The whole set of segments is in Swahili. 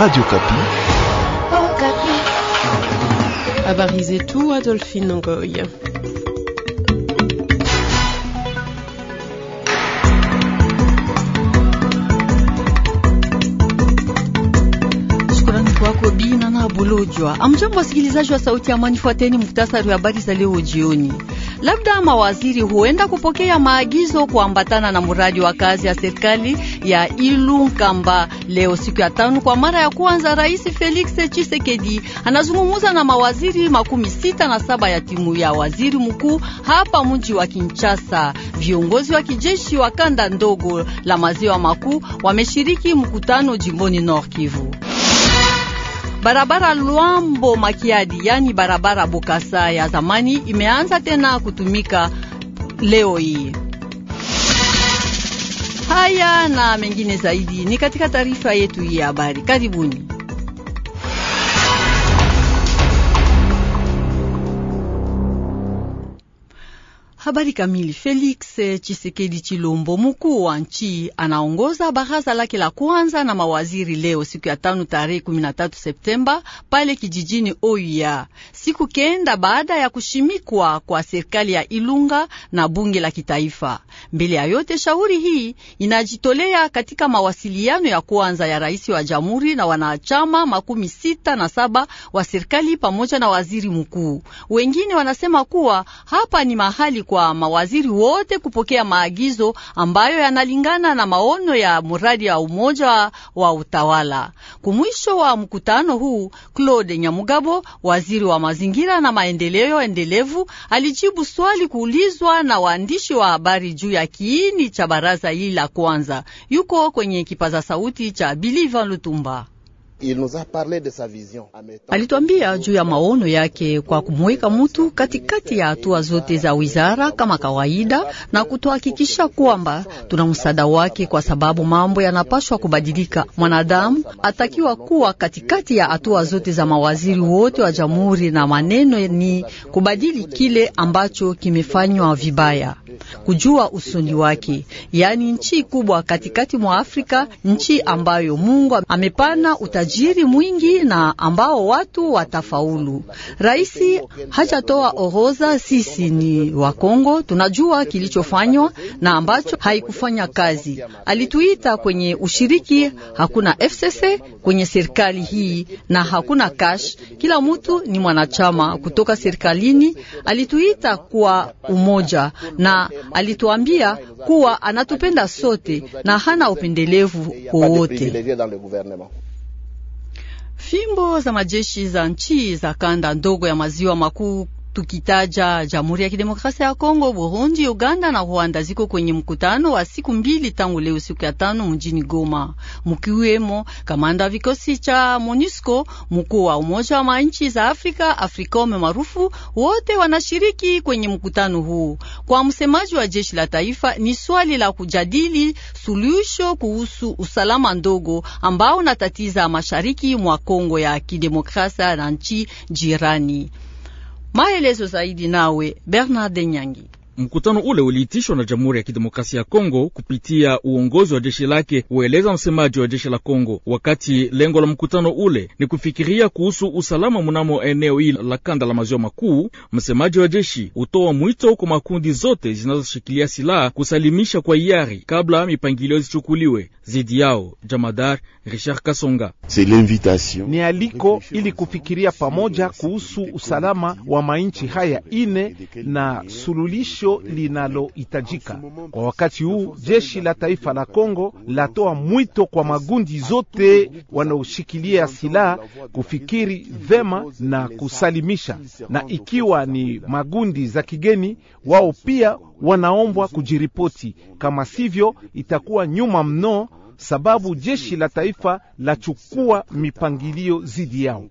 Radio Kapi. Oh, Kapi. Habari zetu Adolphine Ngoy. Amjambo wasikilizaji wa Sauti ya Amani, fuateni muhtasari wa habari za leo jioni. Labda mawaziri huenda kupokea maagizo kuambatana na mradi wa kazi ya serikali ya Ilunkamba. Leo siku ya tano, kwa mara ya kwanza, Rais Felix Tshisekedi anazungumza na mawaziri makumi sita na saba ya timu ya waziri mkuu hapa mji wa Kinshasa. Viongozi wa kijeshi wa kanda ndogo la maziwa makuu wameshiriki mkutano jimboni Nord Kivu. Barabara Luambo Makiadi, yani barabara Bokasa ya zamani imeanza tena kutumika leo hii. Haya na mengine zaidi ni katika taarifa yetu hii ya habari. Karibuni. Habari kamili. Felix Chisekedi Chilombo, mkuu wa nchi, anaongoza baraza lake la kwanza na mawaziri leo siku ya tano tarehe 13 Septemba pale kijijini Oya, siku kenda baada ya kushimikwa kwa serikali ya Ilunga na bunge la kitaifa. Mbele ya yote, shauri hii inajitolea katika mawasiliano ya kwanza ya rais wa jamhuri na wanachama makumi sita na saba wa serikali pamoja na waziri mkuu. Wengine wanasema kuwa hapa ni mahali kwa kwa mawaziri wote kupokea maagizo ambayo yanalingana na maono ya muradi ya umoja wa utawala. Kumwisho wa mkutano huu, Claude Nyamugabo, waziri wa mazingira na maendeleo endelevu, alijibu swali kuulizwa na waandishi wa habari juu ya kiini cha baraza hili la kwanza. Yuko kwenye kipaza sauti cha Bilivan Lutumba. Alituambia juu ya maono yake kwa kumweka mutu katikati ya hatua zote za wizara kama kawaida, na kutuhakikisha kwamba tuna msaada wake, kwa sababu mambo yanapashwa kubadilika. Mwanadamu atakiwa kuwa katikati ya hatua zote za mawaziri wote wa jamhuri, na maneno ni kubadili kile ambacho kimefanywa vibaya kujua usoni wake, yaani nchi kubwa katikati mwa Afrika, nchi ambayo Mungu amepana utajiri mwingi na ambao watu watafaulu. Rais hajatoa orodha. Sisi ni wa Kongo tunajua kilichofanywa na ambacho haikufanya kazi. Alituita kwenye ushiriki, hakuna FCC kwenye serikali hii na hakuna cash. Kila mtu ni mwanachama kutoka serikalini. Alituita kwa umoja na alituambia kuwa anatupenda sote na hana upendelevu wowote. Fimbo za majeshi za nchi za kanda ndogo ya maziwa makuu Tukitaja Jamhuri ya Kidemokrasia ya Kongo, Burundi, Uganda na Rwanda ziko kwenye mkutano wa siku mbili tangu leo siku ya tano mjini Goma, mukiwemo kamanda wa vikosi cha MONUSCO, mkuu wa Umoja wa Manchi za Afrika AFRICOM maarufu, wote wanashiriki kwenye mkutano huu. Kwa msemaji wa jeshi la taifa, ni swali la kujadili suluhisho kuhusu usalama ndogo ambao unatatiza mashariki mwa Kongo ya Kidemokrasia na nchi jirani. Maelezo zaidi nawe Bernard Nyangi. Mkutano ule uliitishwa na Jamhuri ya Kidemokrasia ya Kongo kupitia uongozi wa jeshi lake, hueleza msemaji wa jeshi la Kongo, wakati lengo la mkutano ule ni kufikiria kuhusu usalama mnamo eneo hili la kanda la maziwa makuu. Msemaji wa jeshi hutoa mwito kwa makundi zote zinazoshikilia silaha kusalimisha kwa hiari kabla mipangilio zichukuliwe zidi yao. Jamadar Richard Kasonga: ni aliko ili kufikiria pamoja kuhusu usalama wa mainchi haya ine na sululisho suluhisho linalohitajika kwa wakati huu. Jeshi la taifa la Kongo latoa mwito kwa magundi zote wanaoshikilia silaha kufikiri vema na kusalimisha, na ikiwa ni magundi za kigeni, wao pia wanaombwa kujiripoti, kama sivyo itakuwa nyuma mno, sababu jeshi la taifa lachukua mipangilio zidi yao.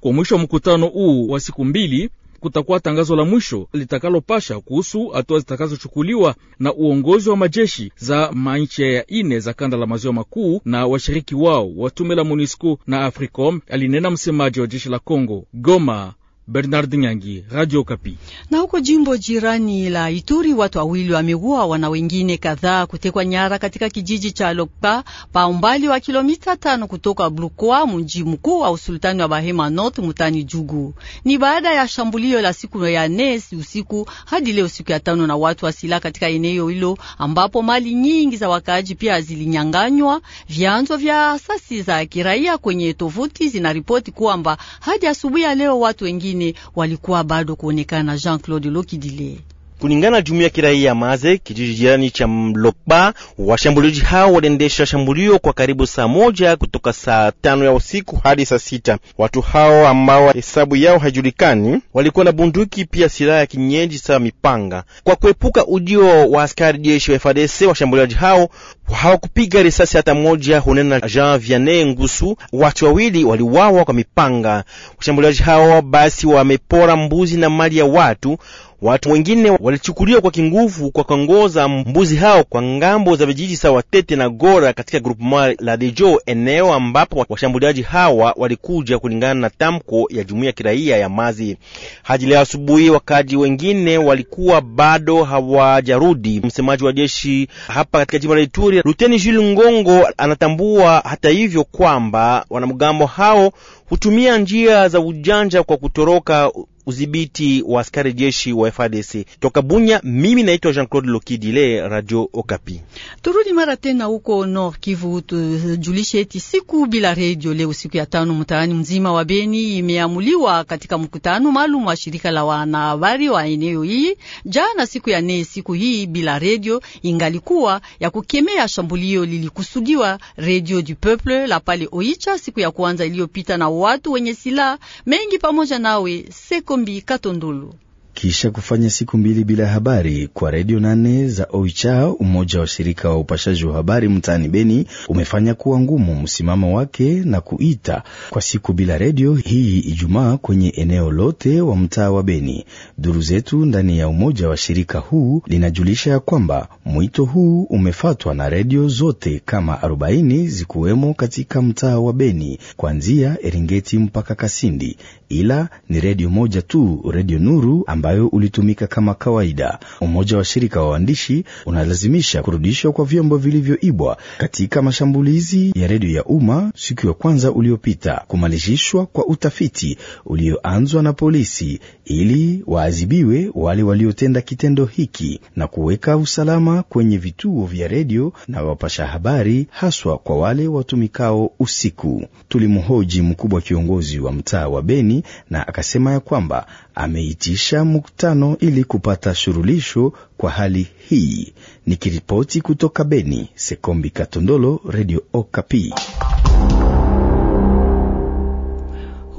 Kwa mwisho wa mkutano huu wa siku mbili kutakuwa tangazo la mwisho litakalopasha kuhusu hatua zitakazochukuliwa na uongozi wa majeshi za manchi ya ine za kanda la maziwa makuu na washiriki wao wa tume la MONUSCO na AFRICOM, alinena msemaji wa jeshi la congo Goma. Bernard Nyangi, Radio Kapi. Na huko jimbo jirani la Ituri watu wawili wameuawa na wengine kadhaa kutekwa nyara katika kijiji cha Lokpa pa umbali wa kilomita tano kutoka Blukwa, mji mkuu wa usultani wa Bahema North mutani Jugu. Ni baada ya shambulio la siku ya nesi usiku hadi leo siku ya tano na watu wa silaha katika eneo hilo ambapo mali nyingi za wakaaji pia zilinyanganywa. Vyanzo vya asasi za kiraia kwenye tovuti zinaripoti kwamba hadi asubuhi ya leo watu wengine wengine walikuwa bado kuonekana. Jean Claude Lokidile Kulingana na jumuiya ya kiraia Maze, kijiji jirani cha Mlopa, washambuliaji hao waliendesha shambulio kwa karibu saa moja kutoka saa tano ya usiku hadi saa sita. Watu hao ambao hesabu yao haijulikani walikuwa na bunduki pia silaha ya kienyeji sawa mipanga. Kwa kuepuka ujio wa askari jeshi wa FARDC, washambuliaji hao hawakupiga risasi hata moja, hunena Jean Vianney Ngusu. Watu wawili waliuawa kwa mipanga. Washambuliaji hao basi wamepora mbuzi na mali ya watu. Watu wengine walichukuliwa kwa kinguvu kwa kongoza mbuzi hao kwa ngambo za vijiji sawa Tete na Gora katika grupema la Dejo, eneo ambapo washambuliaji hawa walikuja, kulingana na tamko ya jumuiya kiraia ya Mazi. Hadi leo asubuhi wakaji wengine walikuwa bado hawajarudi. Msemaji wa jeshi hapa katika jimbo la Ituri, Luteni Jules Ngongo, anatambua hata hivyo kwamba wanamgambo hao hutumia njia za ujanja kwa kutoroka udhibiti wa askari jeshi wa FARDC toka Bunya. Mimi naitwa Jean Claude Lokidile, Radio Okapi. Turudi mara tena huko Nord Kivu, tujulishe eti siku bila redio leo, siku ya tano mtaani mzima wa Beni imeamuliwa katika mkutano maalum wa shirika la wanahabari wa eneo hii jana, siku ya nne. Siku hii bila redio ingalikuwa ya kukemea shambulio lilikusudiwa Radio du Peuple la pale Oicha siku ya kwanza iliyopita na watu wenye silaha mengi pamoja nawe seko kombiikaton dulu. kisha kufanya siku mbili bila habari kwa redio nane za Oicha. Umoja wa shirika wa upashaji wa habari mtaani Beni umefanya kuwa ngumu msimamo wake na kuita kwa siku bila redio hii Ijumaa kwenye eneo lote wa mtaa wa Beni. Duru zetu ndani ya umoja wa shirika huu linajulisha ya kwamba mwito huu umefatwa na redio zote kama 40 zikuwemo katika mtaa wa Beni kuanzia Eringeti mpaka Kasindi, ila ni redio moja tu, redio Nuru ambayo ulitumika kama kawaida. Umoja wa shirika wa waandishi unalazimisha kurudishwa kwa vyombo vilivyoibwa katika mashambulizi ya redio ya umma siku ya kwanza uliopita, kumalizishwa kwa utafiti ulioanzwa na polisi ili waadhibiwe wale waliotenda kitendo hiki na kuweka usalama kwenye vituo vya redio na wapasha habari, haswa kwa wale watumikao usiku. Tulimhoji mkubwa kiongozi wa mtaa wa Beni na akasema ya kwamba ameitisha mkutano ili kupata shurulisho kwa hali hii. Nikiripoti kutoka Beni, Sekombi Katondolo, Radio Okapi.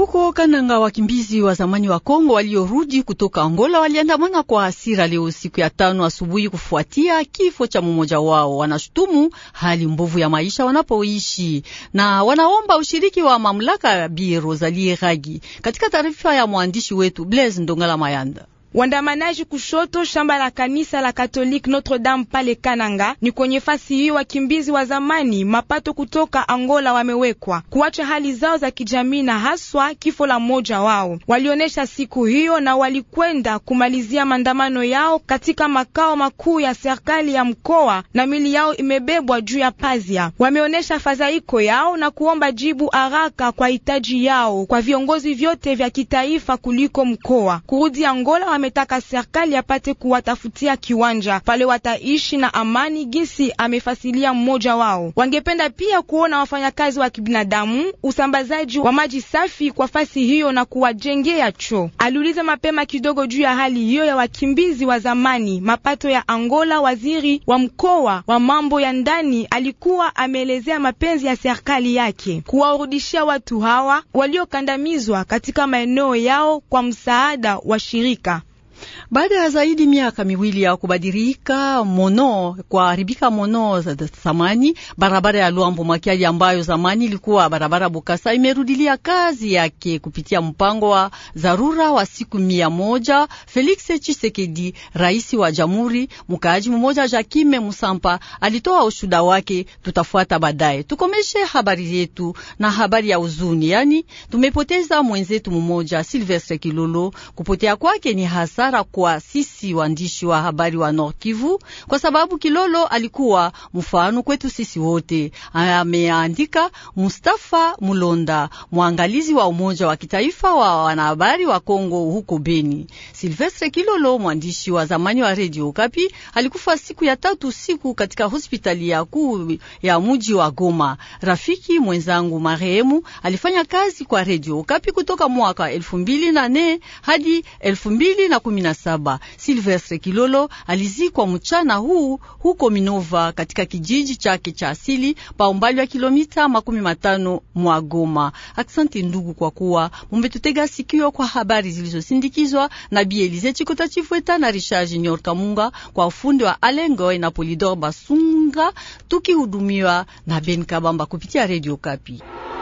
Huko Kananga, wakimbizi wa zamani wa Kongo waliorudi kutoka Angola waliandamana kwa hasira leo siku ya tano asubuhi kufuatia kifo cha mmoja wao. Wanashutumu hali mbovu ya maisha wanapoishi na wanaomba ushiriki wa mamlaka ya Bi Rosalie Ragi. Katika taarifa ya mwandishi wetu Blaise Ndongala Mayanda. Wandamanaji kushoto shamba la kanisa la Katolik Notre Dame pale Kananga ni kwenye fasi hiyo. Wakimbizi wa zamani mapato kutoka Angola wamewekwa kuacha hali zao za kijamii na haswa kifo la mmoja wao walionyesha siku hiyo, na walikwenda kumalizia maandamano yao katika makao makuu ya serikali ya mkoa, na mili yao imebebwa juu ya pazia. Wameonyesha fadhaiko yao na kuomba jibu haraka kwa hitaji yao kwa viongozi vyote vya kitaifa kuliko mkoa kurudi Angola ametaka serikali apate kuwatafutia kiwanja pale wataishi na amani, gisi amefasilia mmoja wao. Wangependa pia kuona wafanyakazi wa kibinadamu, usambazaji wa maji safi kwa fasi hiyo na kuwajengea choo. Aliuliza mapema kidogo juu ya hali hiyo ya wakimbizi wa zamani, mapato ya Angola. Waziri wa mkoa wa mambo ya ndani alikuwa ameelezea mapenzi ya serikali yake kuwarudishia watu hawa waliokandamizwa katika maeneo yao kwa msaada wa shirika baada ya zaidi miaka miwili ya kubadirika mono kuharibika mono za zamani, barabara ya Luambo Makiali ambayo zamani ilikuwa barabara Bukasa imerudilia kazi yake kupitia mpango wa dharura wa siku mia moja. Felix Chisekedi, rais wa jamhuri, mkaaji mmoja Jakime Musampa alitoa ushuda wake, tutafuata baadaye. Tukomeshe habari yetu na habari ya uzuni, yani tumepoteza mwenzetu mmoja Silvestre Kilolo. Kupotea kwake ni hasara hasara kwa sisi waandishi wa habari wa Nord Kivu, kwa sababu Kilolo alikuwa mfano kwetu sisi wote. Ameandika Mustafa Mulonda, mwangalizi wa Umoja wa Kitaifa wa wanahabari wa Kongo huko Beni. Silvestre Kilolo, mwandishi wa zamani wa Radio Kapi, alikufa siku ya tatu siku katika hospitali ya kuu ya mji wa Goma. Rafiki mwenzangu marehemu alifanya kazi kwa Radio Kapi kutoka mwaka elfu mbili na nne hadi elfu mbili na kumi 17. Silvestre Kilolo alizikwa mchana huu huko Minova katika kijiji chake cha asili pa umbali wa kilomita makumi matano mwa Goma. Aksanti ndugu, kwa kuwa mumetutega sikio kwa habari zilizosindikizwa na Bielize Chikota Chifweta na Richard Junior Kamunga kwa ufundi wa alengo na Polidor Basunga, tukihudumiwa na Ben Kabamba kupitia Radio Kapi.